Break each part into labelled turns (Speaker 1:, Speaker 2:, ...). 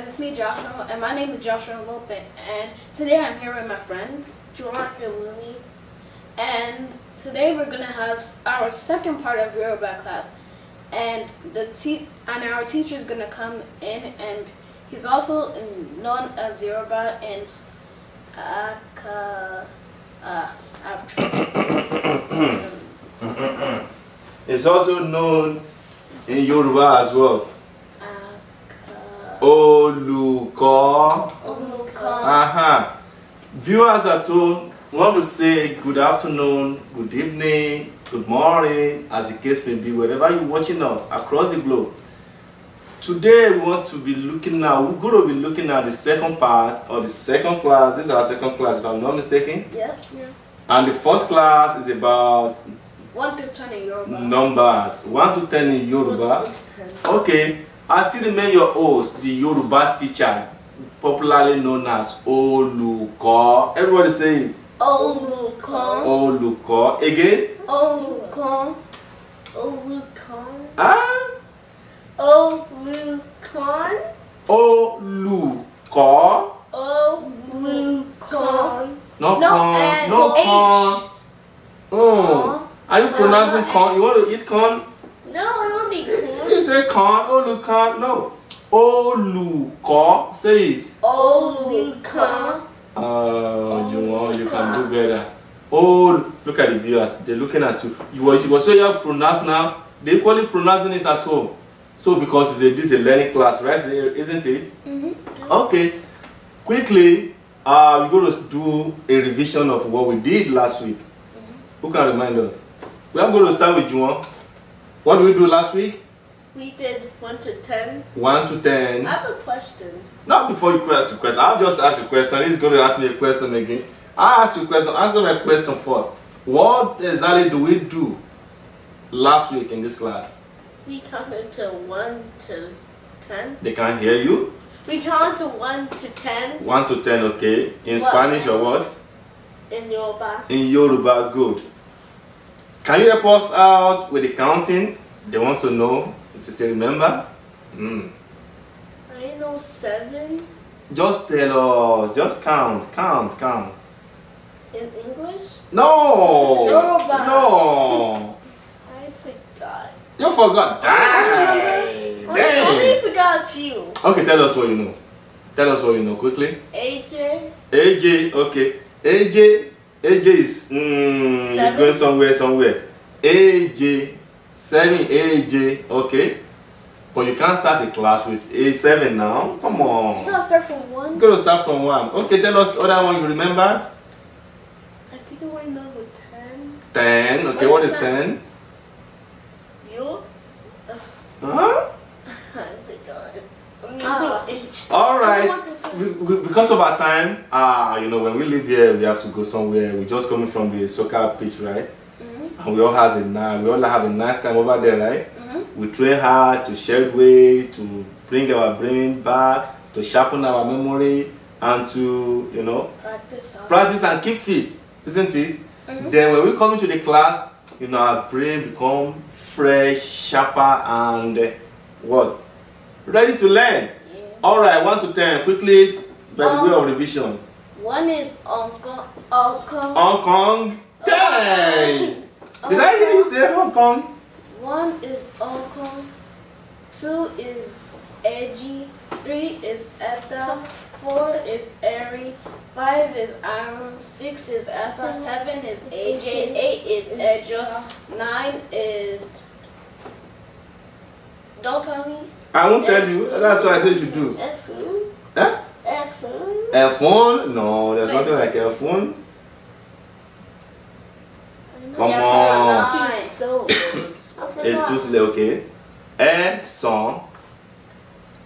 Speaker 1: guys, it's me Joshua, and my name is Joshua Lopin, and today I'm here with my friend, Jolanta Looney, and today we're going to have our second part of Yoruba class, and the te and our teacher is going to come in, and he's also known as Yoruba in Aka, uh, I've
Speaker 2: It's also known in Yoruba as well. Olùkọ́. Olùkọ́. Aha. Viewers at home, we want to say good afternoon, good evening, good morning, as the case may be, wherever you're watching us across the globe. Today we want to be looking at, we're going to be looking at the second part or the second class. This is our second class, if I'm not mistaken. Yeah. yeah. And the first class is about
Speaker 1: 1 to 10 in Yoruba. Numbers.
Speaker 2: 1 to 10 in Yoruba. 10. Okay. I still remain your host, the Yoruba teacher, popularly known as Olùkọ́. Everybody say it.
Speaker 1: Olùkọ́.
Speaker 2: Olùkọ́. Again.
Speaker 1: Olùkọ́. Olùkọ́. Ah. Olùkọ́.
Speaker 2: Olùkọ́.
Speaker 1: Olùkọ́. Eh, no, no, con. no con.
Speaker 2: Oh. Are you pronouncing con? You want to eat con?
Speaker 1: No. didn't
Speaker 2: say kan, olukan, no. Olùkọ́, say it.
Speaker 1: Olùkọ́.
Speaker 2: Oh, uh, Juwon, you can do better. Oh, look at the viewers. They're looking at you. You were, you were so you pronounce now. They equally pronouncing it at home. So because it's a, this is a learning class, right? Isn't it?
Speaker 1: Mm -hmm.
Speaker 2: Okay. Quickly, uh, we're going to do a revision of what we did last week. Mm -hmm. Who can remind us? We are going to start with Juan. What did we do last week?
Speaker 1: We did 1 to 10.
Speaker 2: 1 to 10. I
Speaker 1: have a question.
Speaker 2: Not before you ask a question. I'll just ask a question. He's going to ask me a question again. i asked ask you a question. Answer my question first. What exactly do we do last week in this class?
Speaker 1: We counted to 1 to 10. They can't hear you? We count to 1 to 10. 1
Speaker 2: to 10, okay. In what? Spanish or what?
Speaker 1: In Yoruba.
Speaker 2: In Yoruba, good. Can you help us out with the counting? They want to know Still remember? Mm.
Speaker 1: I know seven.
Speaker 2: Just tell us. Just count. Count. Count.
Speaker 1: In English?
Speaker 2: No. No.
Speaker 1: I forgot.
Speaker 2: You forgot.
Speaker 1: that? I, only forgot a few.
Speaker 2: Okay, tell us what you know. Tell us what you know quickly.
Speaker 1: AJ.
Speaker 2: AJ. Okay. AJ. AJ is mm, going somewhere. Somewhere. AJ. 7, A, J, okay. But you can't start a class with A7 now. Come on. You
Speaker 1: gotta start from 1. You
Speaker 2: gotta start from 1. Okay, tell us other one you remember.
Speaker 1: I think it went number 10.
Speaker 2: 10, okay, what, what is, 10? You? Huh?
Speaker 1: Oh ah.
Speaker 2: All right. Because of our time, uh, you know, when we leave here, we have to go somewhere. We're just coming from the soccer pitch, right? And we all has a nice, we all have a nice time over there, right? Mm -hmm. We train hard to shed weight, to bring our brain back, to sharpen our memory, and to you know practice, practice and keep fit, isn't it? Mm -hmm. Then when we come into the class, you know our brain become fresh, sharper, and uh, what? Ready to learn. Yeah. All right, one to ten, quickly by um, the way um, of revision.
Speaker 1: One is Hong Kong. Hong Kong.
Speaker 2: Hong Kong. Hong Did I hear you say Hong Kong?
Speaker 1: One is Hong Kong, two is edgy, three is Ethel, four is Airy, five is Iron, six is Alpha, seven is AJ, eight is Edger, nine is. Don't tell me.
Speaker 2: I won't tell you. That's what I said you should do.
Speaker 1: F1? Huh? F1?
Speaker 2: F1? No, there's nothing like F1.
Speaker 1: Comment It's tous les
Speaker 2: ok. And song.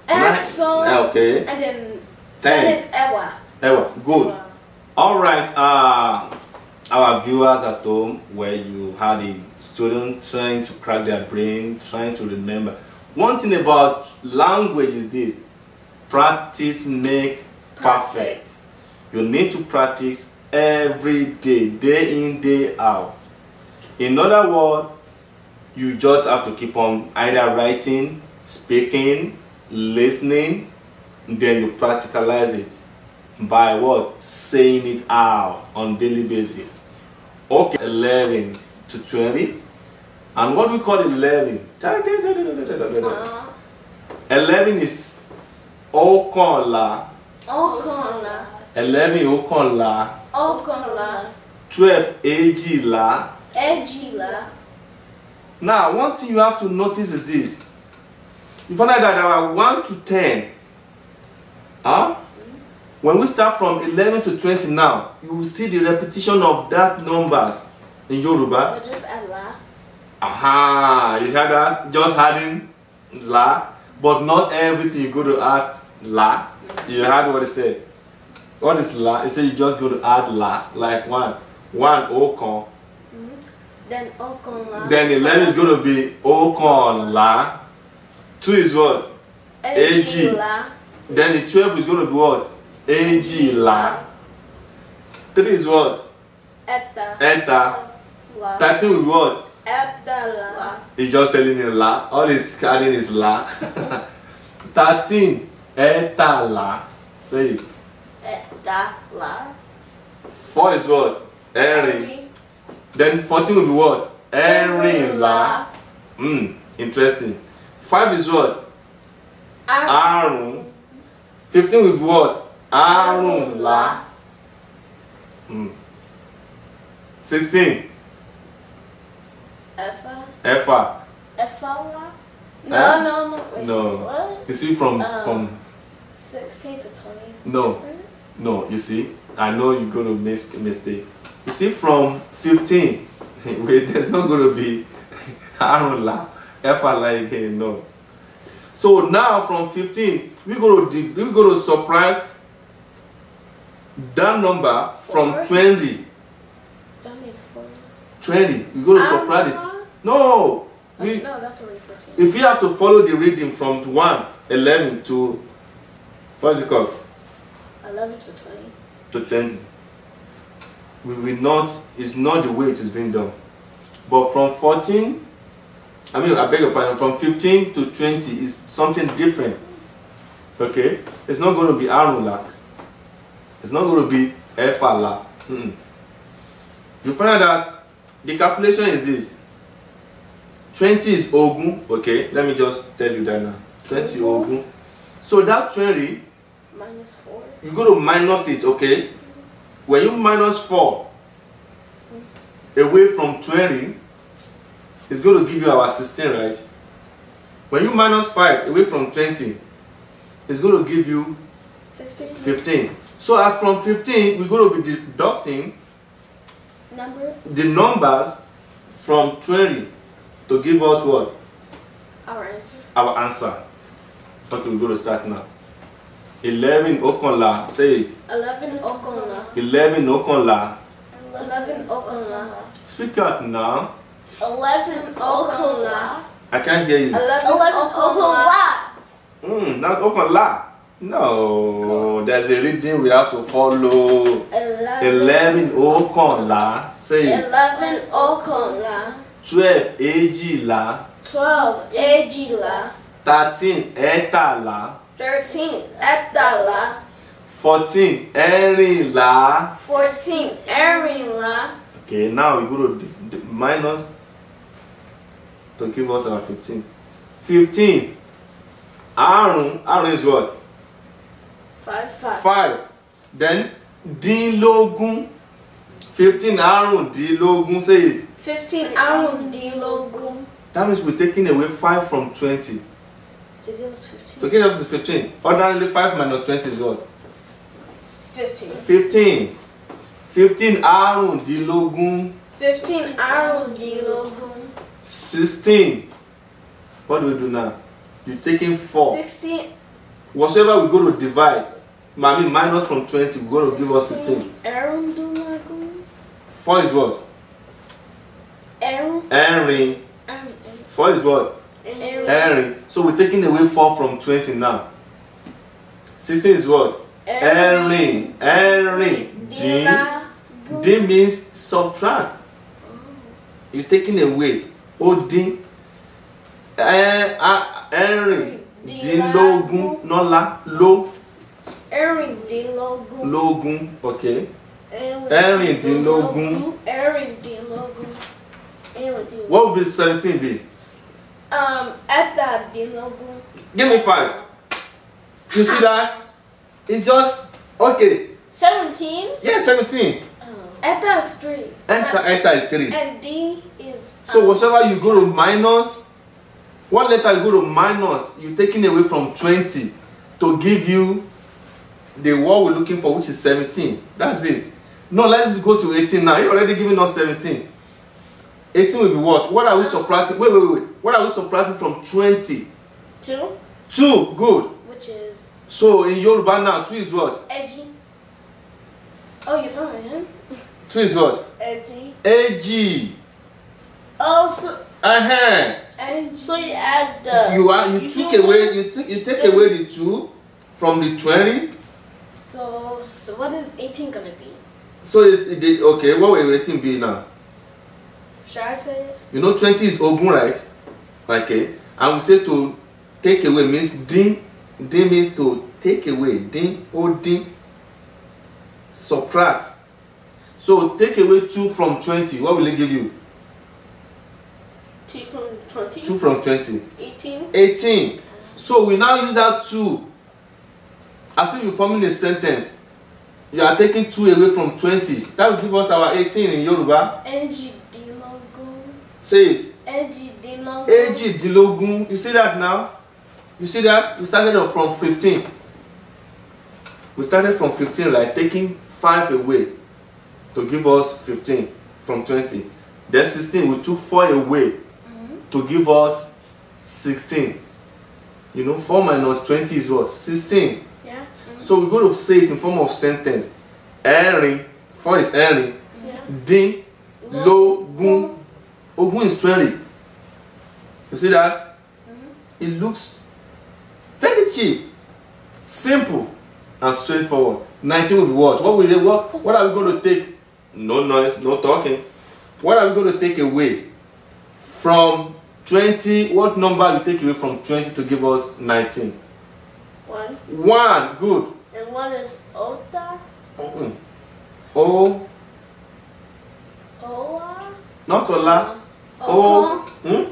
Speaker 2: And song. Ok. And then. Ten. is Ewa. Ewa. Good. Ewa. All right. Uh, our viewers at home, where you had a student trying to crack their brain, trying to remember. One thing about language is this: practice make perfect. perfect. You need to practice every day, day in, day out. In other words, you just have to keep on either writing, speaking, listening, then you practicalize it by what? Saying it out on daily basis. Okay, 11 to 20. And what we call 11? Uh-huh. 11 is Okanla.
Speaker 1: Okanla.
Speaker 2: 11 Okanla.
Speaker 1: Okanla.
Speaker 2: 12 Èjìlá.
Speaker 1: Ejila.
Speaker 2: Now, one thing you have to notice is this. You find out that there are 1 to 10. Huh? When we start from 11 to 20 now, you will see the repetition of that numbers in Yoruba. But
Speaker 1: oh, just la.
Speaker 2: Aha, you hear that? Just adding la, but not everything you go to add la. You heard what he said. What is la? He said you just go to add la, like one, one okon,
Speaker 1: Then Okonla. Then
Speaker 2: the letter is going to be la, Two is what? la. Then the 12 is going to be what? la. Three is what?
Speaker 1: Eta. Eta. La. 13
Speaker 2: is be what?
Speaker 1: Etala.
Speaker 2: He's just telling me la. All he's adding is la. 13. Etala. Say it.
Speaker 1: Etala.
Speaker 2: 4 is what? Eri. Then 14 will be what? Erinla. Hmm, interesting. 5 is what? Arun. 15 will be what? Arunla. Hmm. 16. Efa. Efa.
Speaker 1: Efa. No, eh? no, no. Wait, no. What? You see, from um, from. Sixteen to twenty. No,
Speaker 2: no. You see, I know you're gonna make a mistake. You see, from 15, wait, there's not going to be Aaron laugh, like him, no. So now from 15, we're going to, we're going to subtract that number from 20. 20. We're going to ah. subtract it. No. We,
Speaker 1: no, that's only 14. If
Speaker 2: you have to follow the reading from 1, 11 to, what's it called? 11 to 20. To 20 we will not, it's not the way it is being done. But from 14, I mean, I beg your pardon, from 15 to 20 is something different. Okay? It's not going to be Arulak. It's not going to be Fala. Mm -mm. You find out that the calculation is this. 20 is Ogun. Okay, let me just tell you that now. 20 Ogun. So that 20 minus 4. You go to minus it, okay? when you minus 4 away from 20, it's going to give you our 16, right? When you minus 5 away from 20, it's going to give you
Speaker 1: 15. 15.
Speaker 2: So uh, from 15, we're going to be deducting
Speaker 1: the
Speaker 2: numbers from 20 to give us what? Our answer. Our answer. Okay, we're going to start now. eleven Okonla, say it.
Speaker 1: eleven Okonla.
Speaker 2: eleven Okonla.
Speaker 1: eleven Okonla.
Speaker 2: speak out now.
Speaker 1: eleven Okonla. I can't hear you. eleven Okonla.
Speaker 2: Hmm, not Okonla. No, there's a reading we have to follow.
Speaker 1: Eleven
Speaker 2: Okonla, Say it.
Speaker 1: Eleven Okonla.
Speaker 2: Twelve Ejila.
Speaker 1: Twelve Ejila.
Speaker 2: Thirteen Etala
Speaker 1: thirteen ẹ̀tàlá.
Speaker 2: fourteen Erinla.
Speaker 1: fourteen Erinla.
Speaker 2: okay now we go to the, the minus to give us our fifteen. fifteen àrún àrún is what. five five. five then dínlógún fifteen àrúndínlógún says.
Speaker 1: fifteen àrúndínlógún.
Speaker 2: that means we're taking away five from twenty.
Speaker 1: To get up to 15.
Speaker 2: To get up 15. Ordinarily, 5 minus 20 is what? 15. 15. 15 àrùndínlógún.
Speaker 1: 15 àrùndínlógún.
Speaker 2: 16. What do we do now? You're taking 4. 16. Whatever we go to divide, I mean minus from 20, we're going to give us 16.
Speaker 1: Àrùndínlógún. 4 is what? Ẹ̀rin.
Speaker 2: Ẹ̀rin. Ẹ̀rin. 4 is what?
Speaker 1: ẹ̀rin
Speaker 2: so we're taking away four from twenty now sixteen is what
Speaker 1: ẹ̀rin
Speaker 2: ẹ̀rin D. D means subtract You're taking away ó dín ẹ̀rin e, dínlógún nọ́lá ló.
Speaker 1: ẹ̀rìndínlógún.
Speaker 2: lógún ok.
Speaker 1: ẹ̀rìndínlógún. ẹ̀rìndínlógún. ẹ̀rìndínlógún. what
Speaker 2: would be seventeen be.
Speaker 1: Um, ẹ́tàdínlógún.
Speaker 2: Give me five. You see that? It's just okay.
Speaker 1: Seventeen. Yeah,
Speaker 2: seventeen.
Speaker 1: Oh. Eta is three. Eta,
Speaker 2: eta is three.
Speaker 1: And D is.
Speaker 2: Um, so whatever you go to minus, one letter you go to minus, you're taking away from twenty to give you the what we're looking for, which is seventeen. That's it. No, let's go to eighteen now. You already giving us seventeen. Eighteen will be what? What are we um, subtracting? Wait, wait, wait. What are we subtracting from 20? 2. 2, good.
Speaker 1: Which is?
Speaker 2: So in Yoruba now, 2 is what?
Speaker 1: Eji. Oh, you're talking about him?
Speaker 2: 2 is what? Eji. Eji.
Speaker 1: Oh, so...
Speaker 2: Uh-huh.
Speaker 1: And so you add the... You,
Speaker 2: are, you, you took away, you, you take away the 2 from the 20.
Speaker 1: So, so what is 18 going to be?
Speaker 2: So, it, it, okay, what will 18 be now?
Speaker 1: Should I say it?
Speaker 2: You know 20 is Ogun, right? okay and we say to take away means dín dín means to take away dín or dín subtract so take away two from twenty what will it give you. two from twenty. two from twenty. eighteen. eighteen so we now use that two as if you forming a sentence you are taking two away from twenty that will give us our eighteen in Yoruba.
Speaker 1: èjìdínlógún. say it. èjìdínlógún
Speaker 2: dilogun, you see that now you see that we started from fifteen we started from fifteen like taking five away to give us fifteen from twenty then sixteen we took four away mm -hmm. to give us sixteen you know four minus twenty is what sixteen yeah. mm -hmm. so we go to say it in form of sentence ẹ̀rin four is ẹ̀rin dín lógún ogún is twenty. You see that? Mm -hmm. It looks very cheap, simple, and straightforward. 19 will be what? What will they What? What are we going to take? No noise, no talking. What are we going to take away from 20? What number you take away from 20 to give us 19? One. One, good.
Speaker 1: And one is Ota.
Speaker 2: Mm -mm. O. Ola. Not Ola. O. Hmm?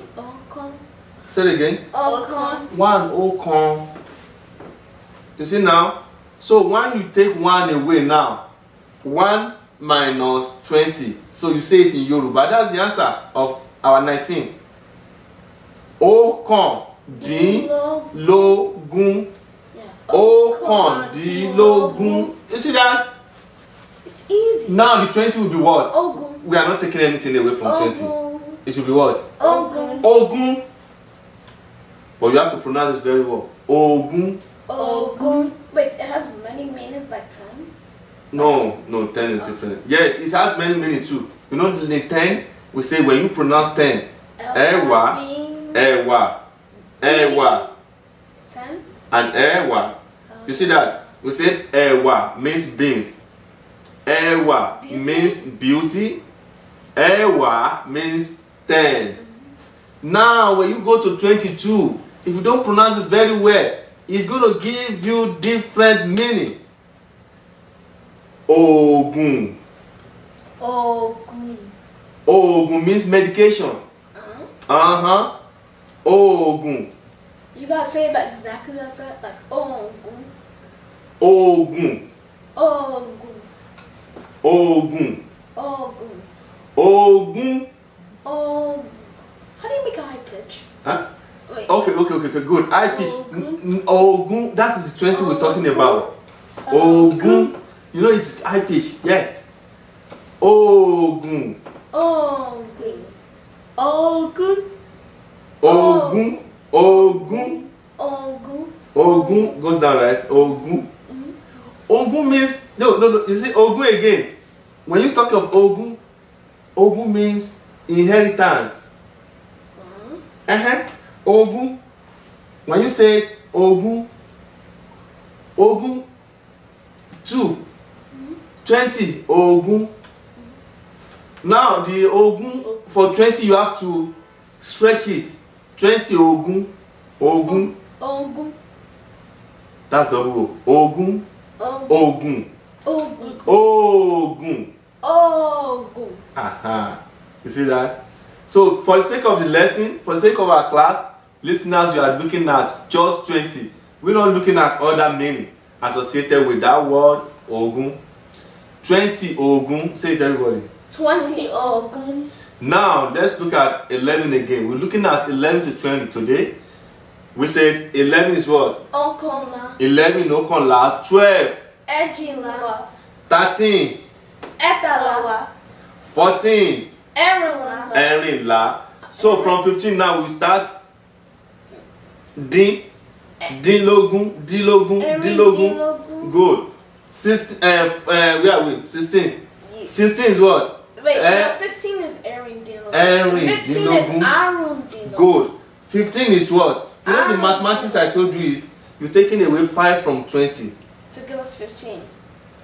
Speaker 2: Say it again.
Speaker 1: Ọ̀kan.
Speaker 2: One, ọ̀kan. You see now? So when you take one away now, one minus twenty. So you say it in Yoruba. That's the answer of our nineteen. di logun. You see that? It's easy. Now the twenty will be what? Ogun. We are not taking anything away from Ogun. twenty. It will be what?
Speaker 1: Ogun.
Speaker 2: Ogun. But you have to pronounce it very well. Ogun.
Speaker 1: Ogun. Wait, it has many meanings like ten?
Speaker 2: No, no, ten is different. Yes, it has many meanings too. You know the ten? We say when you pronounce ten. Ẹ̀wà. Ẹ̀wà. Ẹ̀wà. Ten? And ẹ̀wà. E, you see that? We say ẹ̀wà e, means beans. Ẹ̀wà e, means beauty. Ẹ̀wà means ten. Mm-hmm. Now, when you go to 22, if you don't pronounce it very well, it's going to give you different meaning. Ogun.
Speaker 1: Ogun.
Speaker 2: Ogun means medication. Uh-huh. Uh-huh. Ogun.
Speaker 1: You gotta say it exactly like that, like Ogun.
Speaker 2: Ogun.
Speaker 1: Ogun.
Speaker 2: Ogun. Ogun. Ogun.
Speaker 1: Ogun. How do you make a high pitch? Huh? Okay,
Speaker 2: okay, okay, okay, good. I pitch. Ogun. That is the 20 we're talking about. Uh, Ogun. You know it's high pitch. Yeah. Ogun.
Speaker 1: Ogun. Ogun.
Speaker 2: Ogun. Ogun.
Speaker 1: Ogun.
Speaker 2: Ogun goes down, right? Ogun. Mm-hmm. Ogun means no, no, no. You see, Ogun again. When you talk of Ogun, Ogun means inheritance. Uh huh. Uh-huh. Ogun. When you say Ogun, Ogun, two, twenty, Ogun. Now the Ogun for twenty you have to stretch it. Twenty Ogun, Ogun. Ogun. That's double O. Ogun.
Speaker 1: Ogun. Ogun.
Speaker 2: Ogun.
Speaker 1: Ogun.
Speaker 2: Aha. You see that? So for the sake of the lesson, for the sake of our class, listeners you are looking at just twenty we're not looking at other many associated with that word ogun twenty ogun say it everybody.
Speaker 1: twenty ogun.
Speaker 2: now let's look at eleven again we're looking at eleven to twenty today we said eleven is what.
Speaker 1: ọ̀kànlá.
Speaker 2: eleven ọ̀kànlá twelve.
Speaker 1: ẹ̀jìlá.
Speaker 2: thirteen.
Speaker 1: ẹ̀tàlá.
Speaker 2: fourteen.
Speaker 1: Erinla.
Speaker 2: Erinla. so from fifteen now we start dín dínlógún dínlógún dínlógún gold sixteen uh, uh, where are we sixteen sixteen is what. wait uh, no
Speaker 1: sixteen is ẹ̀rìndínlógún
Speaker 2: ẹ̀rìndínlógún gold fifteen is what you know the mathematics I told you is you taking away five from twenty.
Speaker 1: to give us fifteen.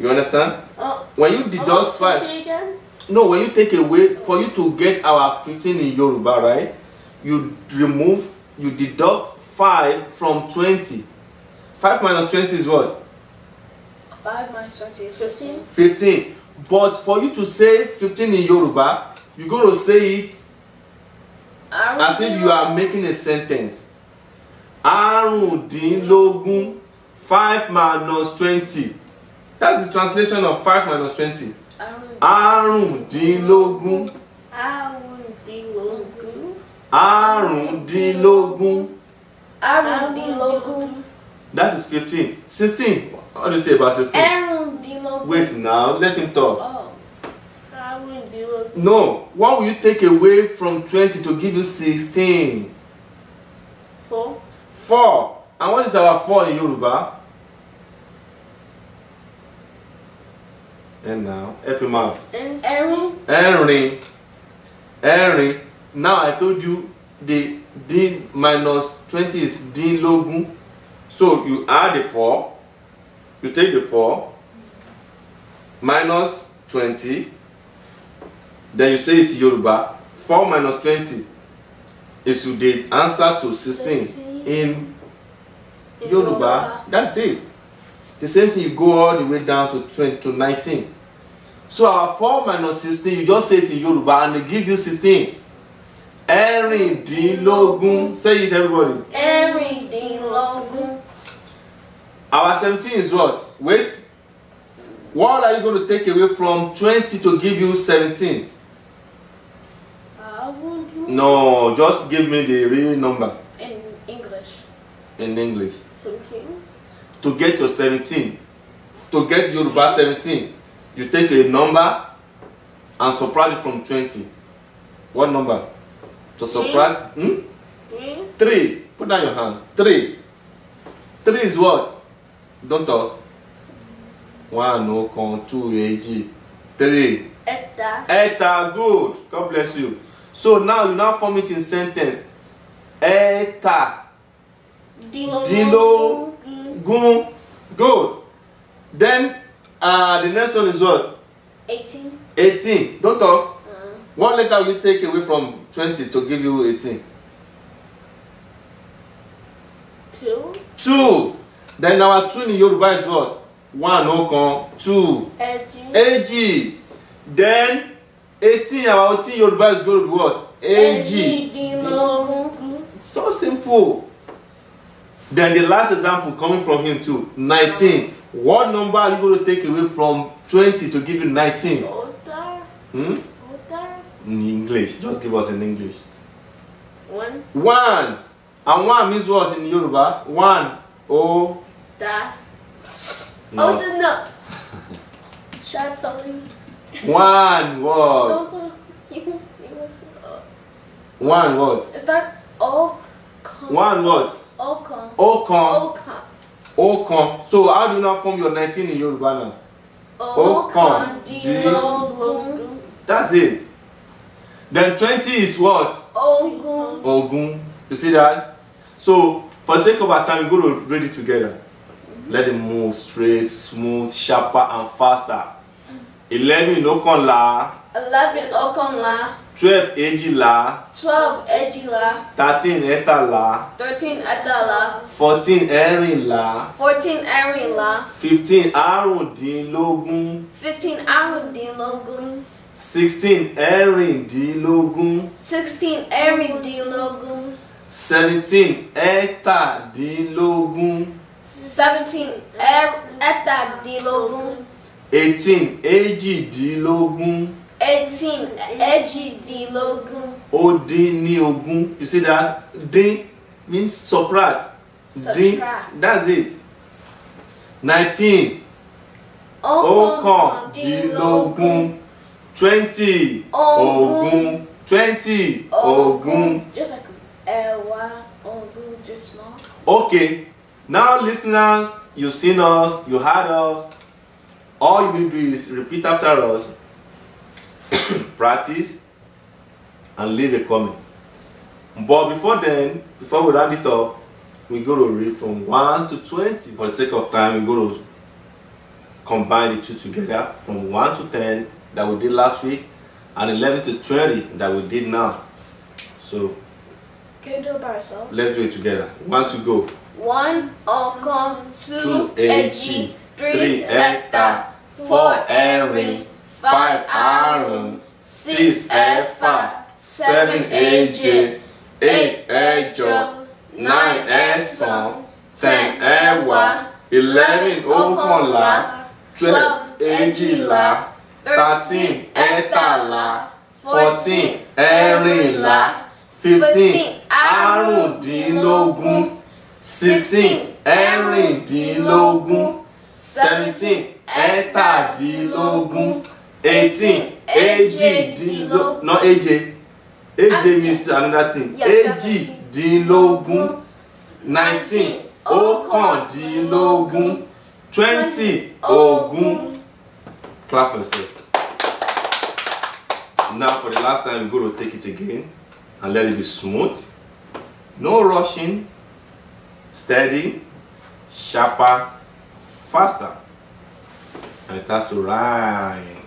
Speaker 1: You understand? Uh,
Speaker 2: when you oh, deduct five. No, when you take away for you to get our fifteen in Yoruba, right? You remove, you deduct 5 from 20. 5 minus 20 is what?
Speaker 1: 5 minus 20 is 15.
Speaker 2: 15. But for you to say 15 in Yoruba, you got to say it
Speaker 1: as if you
Speaker 2: are making a sentence. logun 5 minus 20. That's the translation of 5 minus 20. Arundinlogun.
Speaker 1: Arundinlogun.
Speaker 2: Arundinlogun.
Speaker 1: Àrùndínlógún.
Speaker 2: That is fifteen. Sixteen. What do you say about sixteen?
Speaker 1: Ẹ̀rùndínlógún. Wait
Speaker 2: now, let him talk.
Speaker 1: Oh. Àrùndínlógún.
Speaker 2: No, what will you take away from twenty to give you sixteen? Four. Four. And what is our four in Yoruba? And now, help him out.
Speaker 1: Aaron.
Speaker 2: Aaron. Aaron. Now I told you the D minus twenty is D dínlógún so you add the four you take the four minus twenty then you say it Yoruba four minus twenty is you dey answer to sixteen in Yoruba. that's it the same thing you go all the way down to twenty to nineteen so our four minus sixteen you just say it in Yoruba and they give you sixteen ẹ̀rìndínlógún say it everybody.
Speaker 1: ẹ̀rìndínlógún.
Speaker 2: our seventeen is what wait what are you going to take away from twenty to give you seventeen. No, just give me the real number.
Speaker 1: In English. In English. 17.
Speaker 2: To get your 17, to get Yoruba 17, you take a number and subtract it from 20. What number? To subtract mm? Mm? 3. Put down your hand. Three. Three is what? Don't talk. One, no, con, Two, eji. Three. Eta. Eta, good. God bless you. So now you now form it in sentence. Eta.
Speaker 1: Dilo. Dilo.
Speaker 2: Gun. Good. Then uh, the next one is what? 18. 18. Don't talk. Mm. What letter will you take away from twenty to give you eighteen. two. two then our two in Yoruba is what one ọ̀kan two. èjì. èjì then eighteen our eighteen Yoruba is going to be what èjì. so simple. Then the last example coming from him too, Nineteen. What number are you going to take away from twenty to give you nineteen? Hmm? in English. Just give us in English. One. One. And one means what in Yoruba? One. Oh. Da. No. Also oh,
Speaker 1: no. Shots only. One word. Also, you, you One word. Is that all? One word. Okan. Okan.
Speaker 2: Okan. Okan. So how do you now form your 19 in Yoruba now?
Speaker 1: Okan.
Speaker 2: That's it. Then 20 is what?
Speaker 1: Ogun.
Speaker 2: Ogun. You see that? So, for sake of our time, we're going to read it together. Mm-hmm. Let it move straight, smooth, sharper, and faster. Mm -hmm. 11 okanla.
Speaker 1: 11 okanla.
Speaker 2: 12 èjìlá.
Speaker 1: 12 èjìlá.
Speaker 2: 13 ẹ̀tàlá.
Speaker 1: 13 ẹ̀tàlá.
Speaker 2: 14 la.
Speaker 1: 14 ẹ̀rìnlá.
Speaker 2: 15 àrùndínlógún.
Speaker 1: 15 àrùndínlógún
Speaker 2: sixteen ẹ̀rìndínlógún.
Speaker 1: sixteen ẹ̀rìndínlógún.
Speaker 2: seventeen ẹ̀tàdínlógún.
Speaker 1: seventeen ẹ̀tàdínlógún.
Speaker 2: eighteen èjìdínlógún.
Speaker 1: eighteen èjìdínlógún.
Speaker 2: ó dín ní ogún you see that dín means surprise. dín that's it nineteen
Speaker 1: ọ̀kàndínlógún.
Speaker 2: twenty ogún twenty ogún.
Speaker 1: just like ẹ̀wá ogún just small.
Speaker 2: okay now listeners you seen us you heard us all you need to do is repeat after us practice and leave a comment but before then before we round it up we go to read from 1 to 20 for the sake of time we go to combine the two together from 1 to 10 that we did last week and 11 to 20 that we did now. So,
Speaker 1: can we do it by ourselves?
Speaker 2: Let's do it together. One to go.
Speaker 1: One come two Eji, three Eta, four
Speaker 2: Erin, five Aaron, six Efa, seven AJ, eight Ejo, nine Eson, ten Ewa, eleven Okonla, twelve Ejila. thirteen ẹ̀ẹ́tàlá fourteen ẹ̀ẹ́rìnlá
Speaker 1: fifteen
Speaker 2: àrùndínlógún sixteen ẹ̀ẹ́rìndínlógún seventeen ẹ̀ẹ́tàdínlógún eighteen èjìdínlógún no èje èje means another thing èjìdínlógún nineteen ọ̀kàndínlógún twenty ogún clap for yourself. Now for the last time, we're going to take it again and let it be smooth. No rushing, steady, sharper, faster. And it has to rhyme.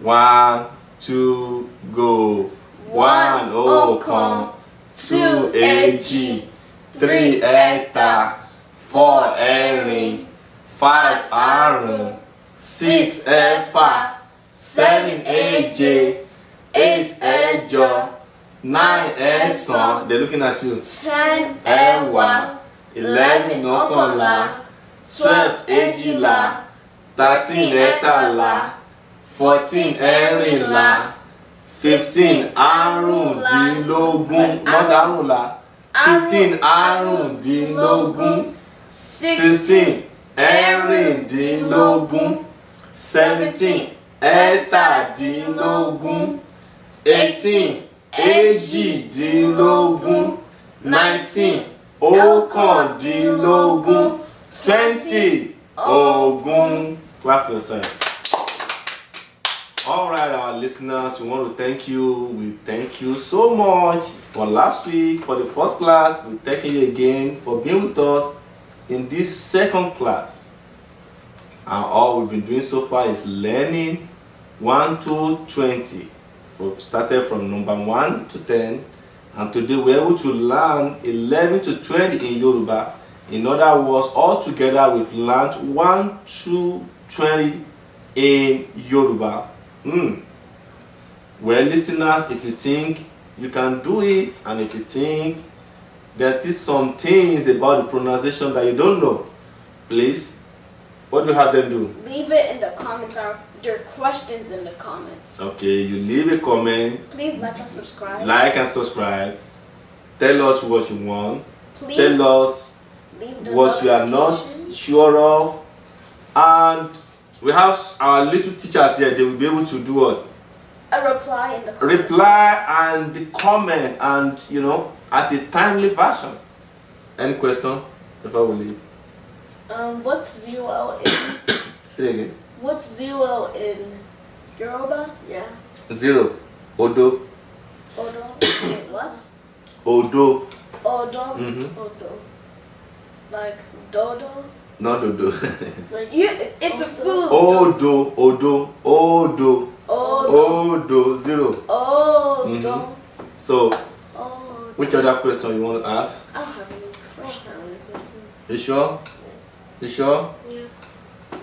Speaker 2: One, two, go. One, oh, oh, come. Two, AG. Three, Eta. Four, Erin. Five, Aaron. Six, Efa. seven èje eight ẹ̀jọ nine ẹ̀sán they're looking at you ten ẹ̀wá eleven ọ̀kànlá twelve èjìlá thirteen ẹ̀tàlá fourteen ẹ̀rìnlá fifteen àrùndínlógún not àrùnlá fifteen àrùndínlógún sixteen ẹ̀rìndínlógún seventeen ẹ́tàdínlógún eighteen èjìdínlógún nineteen ọ̀kàndínlógún twenty ogún. Clap for All right, our listeners, we want to thank you. We thank you so much for last week, for the first class. We thank you again for being with us in this second class and all we've been doing so far is learning 1 to 20 we've started from number 1 to 10 and today we're able to learn 11 to 20 in Yoruba in other words all together we've learned 1 to 20 in Yoruba mm. well listeners if you think you can do it and if you think there's still some things about the pronunciation that you don't know please what do you have them do?
Speaker 1: Leave it in the comments or your questions in the comments.
Speaker 2: Okay, you leave a comment.
Speaker 1: Please like and subscribe.
Speaker 2: Like and subscribe. Tell us what you want. Please tell us what you are not sure of. And we have our little teachers here, they will be able to do us.
Speaker 1: A reply in the comments.
Speaker 2: Reply and comment and you know at a timely fashion. Any question? Before we leave.
Speaker 1: Um, what's zero in?
Speaker 2: Say again.
Speaker 1: What's zero in Yoruba? Yeah.
Speaker 2: Zero. Odo.
Speaker 1: Odo. what? Odo. Odo. Mm -hmm. Odo. Like dodo.
Speaker 2: Not odo.
Speaker 1: like you, it's odo. a food.
Speaker 2: Odo. Odo. Odo. Odo. Odo. Zero.
Speaker 1: Odo. Mm
Speaker 2: -hmm. So, odo. which other question you want to ask?
Speaker 1: I have a question.
Speaker 2: You sure? You sure? Yeah.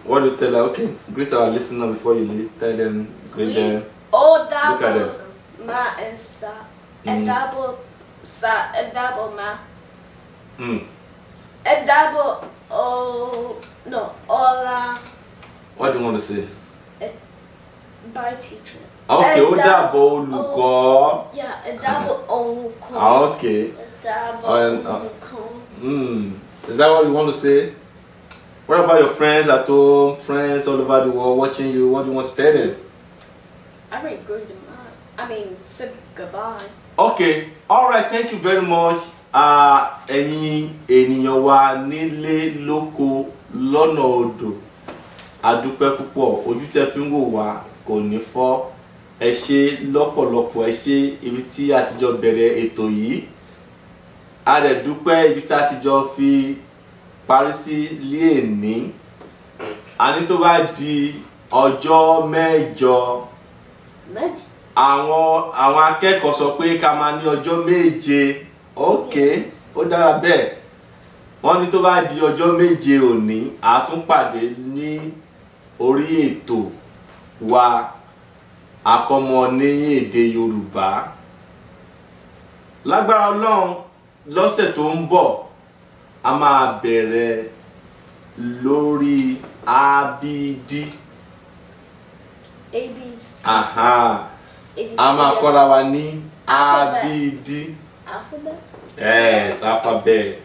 Speaker 2: What do you tell her? Okay, greet our listener before you leave. Tell them, greet we them.
Speaker 1: Oh, double ma and sa, and mm. double sa, and double ma. Hmm. And double oh no, hola.
Speaker 2: What do you want to say?
Speaker 1: Bye, teacher. Okay, double dàbọ̀
Speaker 2: olùkọ́.
Speaker 1: Yeah, ẹ dàbọ̀ olùkọ́. Ah, okay. double dàbọ̀ ah. olùkọ́.
Speaker 2: Mm. Is that what you want to say? What about your friends at home, friends all over the world watching you? What do you want to tell them?
Speaker 1: I already greeted them I mean, said goodbye.
Speaker 2: Okay. All right. Thank you very much. Any ènìyàn wa nile loko lọ́nà odò. Adúpẹ́ púpọ̀ ojú tẹ́ fi ń wò wá kò ní fọ́. Ẹ ṣé lọ́pọ̀lọpọ̀ ẹ ṣé ibi tí ti jọ bẹ̀rẹ̀ ètò yìí. A rẹ̀ dúpẹ́ ibi tá ti jọ fi parí sí léèní àní tó bá di ọjọ́ mẹ́jọ àwọn àwọn akẹ́kọ̀ọ́ sọ pé ká máa ní ọjọ́ méje ok ó dára bẹ́ẹ̀ wọ́n ní tó bá di ọjọ́ méje òní àtúnpàdé ní orí ètò wa àkọ́mọ ní èdè Yorùbá lágbára Ọlọ́run lọ́sẹ̀ tó ń bọ̀ a máa bẹ̀rẹ̀ lórí abd.
Speaker 1: abd. aha a korawani kọ́ra
Speaker 2: wa ní abd. alphabet. yes alphabet.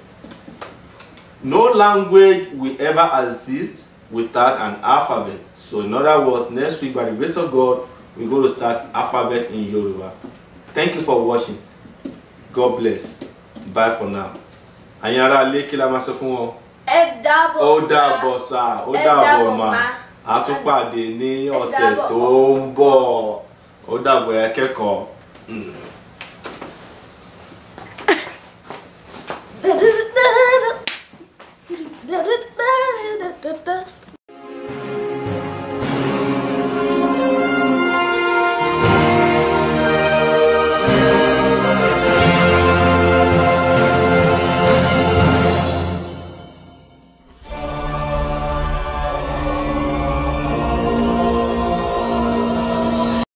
Speaker 2: no language will ever exist without an alphabet so in other words next week by the grace of God we go to start alphabet in Yoruba. Thank you for watching. God bless. Bye for now. àyìn ará ilé kí la máa sọ fún wọn.
Speaker 1: ẹ dàbọ̀ sá ó dàbọ̀
Speaker 2: sá ó dàbọ̀ mà á tún pàdé ní ọ̀sẹ̀ tó ń bọ̀ ó dàbọ̀ ẹ kẹ́kọ̀ọ́. Hmm.